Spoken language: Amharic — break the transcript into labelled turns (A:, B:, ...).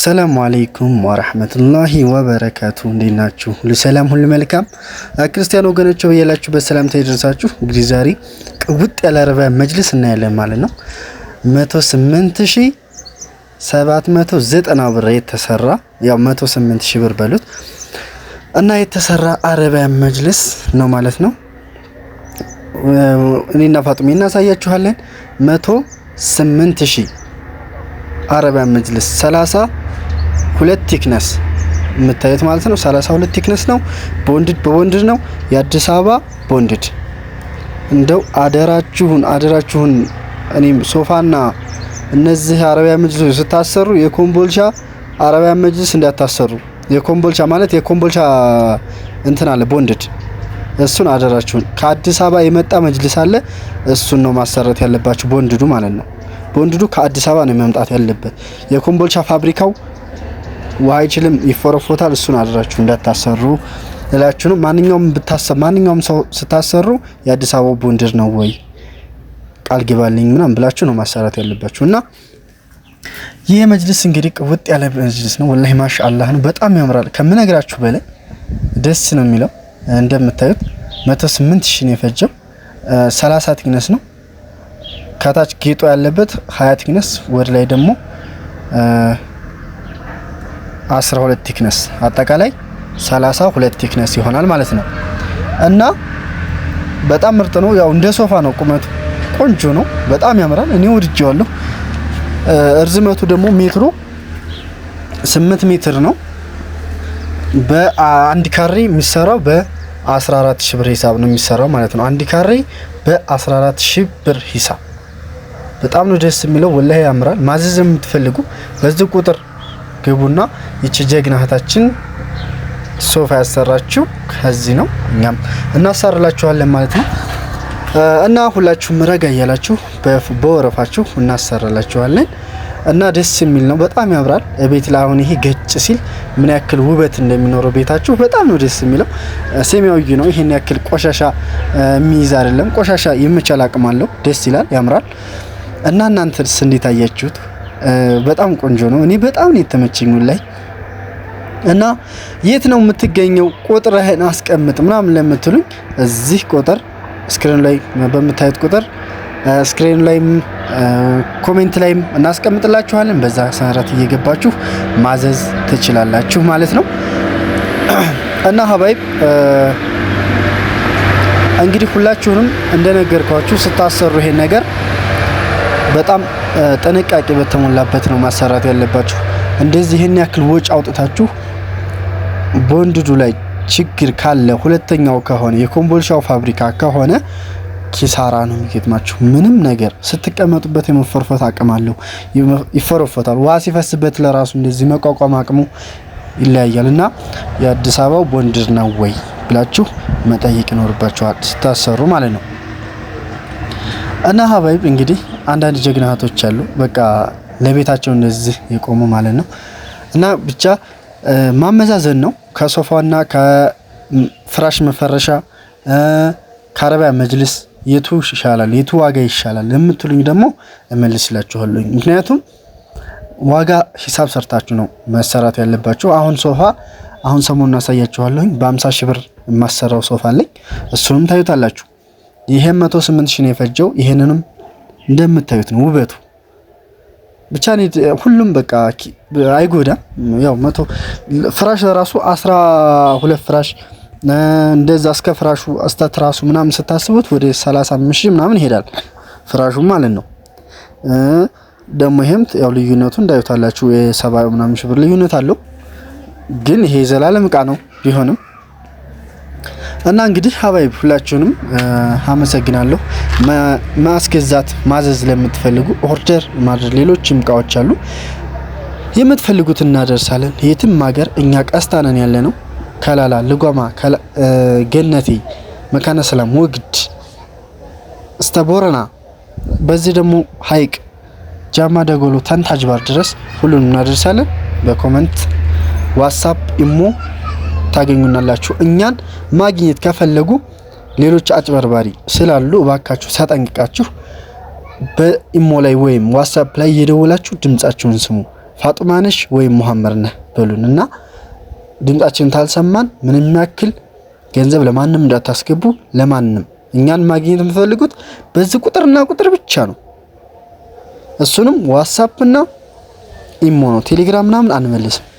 A: ሰላሙ አለይኩም ወራህመቱላሂ ወበረካቱ። እንዴት ናችሁ? ሁሉ ሰላም፣ ሁሉ መልካም። ክርስቲያን ወገኖች በያላችሁበት ሰላምታ ይደርሳችሁ። እንግዲህ ዛሬ ቅውጥ ያለ አረባ መጅልስ እናያለን ማለት ነው። 108,790 ብር የተሰራ ያው 108,000 ብር በሉት እና የተሰራ አረባ መጅልስ ነው ማለት ነው። እኔና ፋጡሜ እናሳያችኋለን። 108,000 አረባ መጅልስ 30 ሁለት ቲክነስ የምታዩት ማለት ነው። 32 ቲክነስ ነው። ቦንድድ በቦንድድ ነው። የአዲስ አበባ ቦንድድ እንደው አደራችሁን አደራችሁን እኔም ሶፋና እነዚህ አረቢያ መጅልሶች ስታሰሩ የኮምቦልቻ አረቢያ መጅልስ እንዳታሰሩ። የኮምቦልቻ ማለት የኮምቦልቻ እንትን አለ ቦንድድ፣ እሱን አደራችሁን። ከአዲስ አበባ የመጣ መጅልስ አለ፣ እሱን ነው ማሰረት ያለባችሁ ቦንድዱ ማለት ነው። ቦንድዱ ከአዲስ አበባ ነው መምጣት ያለበት። የኮምቦልቻ ፋብሪካው ውሃ አይችልም፣ ይፎረፎታል። እሱን አድራችሁ እንዳታሰሩ እላችሁ ነው። ማንኛውም ብታሰብ ማንኛውም ሰው ስታሰሩ የአዲስ አበባ ቦንድር ነው ወይ ቃል ግባልኝ ምናምን ብላችሁ ነው ማሰራት ያለባችሁ እና ይህ መጅልስ እንግዲህ ቅውጥ ያለ መጅልስ ነው። ወላሂ ማሻአላህ ነው። በጣም ያምራል። ከምነግራችሁ በላይ ደስ ነው የሚለው። እንደምታዩት 108 ሺህ ነው የፈጀው። 30 ቲክነስ ነው ከታች ጌጦ ያለበት 20 ቲክነስ፣ ወደ ላይ ደግሞ 12 ቲክነስ አጠቃላይ 32 ቲክነስ ይሆናል ማለት ነው። እና በጣም ምርጥ ነው። ያው እንደ ሶፋ ነው ቁመቱ፣ ቆንጆ ነው። በጣም ያምራል። እኔ ወድጄዋለሁ። እርዝመቱ ደግሞ ሜትሩ 8 ሜትር ነው። በአንድ ካሬ የሚሰራው በ14000 ብር ሂሳብ ነው የሚሰራው ማለት ነው። አንድ ካሬ በ14000 ብር ሂሳብ በጣም ነው ደስ የሚለው። ወላሂ ያምራል። ማዘዝ የምትፈልጉ በዚህ ቁጥር ግቡና ይቺ ጀግና እህታችን ሶፋ ያሰራችው ከዚህ ነው። እኛም እናሳርላችኋለን ማለት ነው እና ሁላችሁም ረጋ እያላችሁ በወረፋችሁ እናሰራላችኋለን እና ደስ የሚል ነው። በጣም ያምራል ቤት ላይ አሁን ይሄ ገጭ ሲል ምን ያክል ውበት እንደሚኖረው ቤታችሁ በጣም ነው ደስ የሚለው። ሰማያዊ ነው። ይሄን ያክል ቆሻሻ የሚይዝ አይደለም። ቆሻሻ የመቻል አቅም አለው። ደስ ይላል፣ ያምራል። እና እናንተስ እንዴት አያችሁት? በጣም ቆንጆ ነው። እኔ በጣም ነው የተመቸኝ ላይ እና የት ነው የምትገኘው ቁጥርህን አስቀምጥ ምናምን ለምትሉኝ እዚህ ቁጥር ስክሪን ላይ በምታዩት ቁጥር ስክሪን ላይም ኮሜንት ላይም እናስቀምጥላችኋለን። በዛ ሰረት እየገባችሁ ማዘዝ ትችላላችሁ ማለት ነው እና ሀባይብ እንግዲህ ሁላችሁንም እንደነገርኳችሁ ስታሰሩ ይሄን ነገር በጣም ጥንቃቄ በተሞላበት ነው ማሰራት ያለባችሁ። እንደዚህ ይህን ያክል ወጪ አውጥታችሁ ቦንድዱ ላይ ችግር ካለ ሁለተኛው ከሆነ የኮምቦልሻው ፋብሪካ ከሆነ ኪሳራ ነው የሚገጥማችሁ። ምንም ነገር ስትቀመጡበት የመፈርፈት አቅም አለው፣ ይፈረፈታል። ውሃ ሲፈስበት ለራሱ እንደዚህ መቋቋም አቅሙ ይለያያል። እና የአዲስ አበባው ቦንድር ነው ወይ ብላችሁ መጠየቅ ይኖርባችኋል ስታሰሩ ማለት ነው። እና ሀባይብ እንግዲህ አንዳንድ ጀግና እህቶች አሉ፣ በቃ ለቤታቸው እንደዚህ የቆሙ ማለት ነው። እና ብቻ ማመዛዘን ነው ከሶፋና ከፍራሽ መፈረሻ ከአረቢያ መጅልስ የቱ ይሻላል፣ የቱ ዋጋ ይሻላል የምትሉኝ ደግሞ እመልስላችኋለሁ። ምክንያቱም ዋጋ ሂሳብ ሰርታችሁ ነው መሰራት ያለባችሁ። አሁን ሶፋ አሁን ሰሞኑን አሳያችኋለሁኝ በ50 ሺህ ብር የማሰራው ሶፋ አለኝ። እሱንም ታዩታላችሁ። ይሄ 108 ሺህ ነው የፈጀው። ይሄንንም እንደምታዩት ነው ውበቱ ብቻ ነው። ሁሉም በቃ አይጎዳም። ያው መቶ ፍራሽ ለራሱ 12 ፍራሽ እንደዛ እስከ ፍራሹ እስከ ትራሱ ምናምን ስታስቡት ወደ 35 ሺህ ምናምን ይሄዳል ፍራሹ ማለት ነው። ደግሞ ይሄም ያው ልዩነቱ እንዳዩታላችሁ የሰባ ምናምን ሺህ ብር ልዩነት አለው። ግን ይሄ የዘላለም እቃ ነው ቢሆንም እና እንግዲህ ሀባይብ ሁላችሁንም አመሰግናለሁ። ማስገዛት ማዘዝ ለምትፈልጉ ኦርደር ማድረግ፣ ሌሎችም እቃዎች አሉ የምትፈልጉት እናደርሳለን። የትም ሀገር እኛ ቀስታነን ያለ ነው። ከላላ ልጓማ፣ ገነቴ፣ መካነ ሰላም፣ ወግድ፣ ቦረና፣ በዚህ ደግሞ ሀይቅ ጃማ ደጎሎ ተንታጅባር ድረስ ሁሉንም እናደርሳለን። በኮመንት ዋትሳፕ፣ ኢሞ ታገኙናላችሁ። እኛን ማግኘት ከፈለጉ ሌሎች አጭበርባሪ ስላሉ እባካችሁ ተጠንቅቃችሁ በኢሞ ላይ ወይም ዋትሳፕ ላይ እየደወላችሁ ድምጻችሁን ስሙ። ፋጡማ ነሽ ወይም ሙሐመድ ነህ በሉን እና ድምጻችን ታልሰማን ምንም ያክል ገንዘብ ለማንም እንዳታስገቡ። ለማንም እኛን ማግኘት የምፈልጉት በዚህ ቁጥርና ቁጥር ብቻ ነው። እሱንም ዋትሳፕና ኢሞ ነው። ቴሌግራም ምናምን አንመልስም።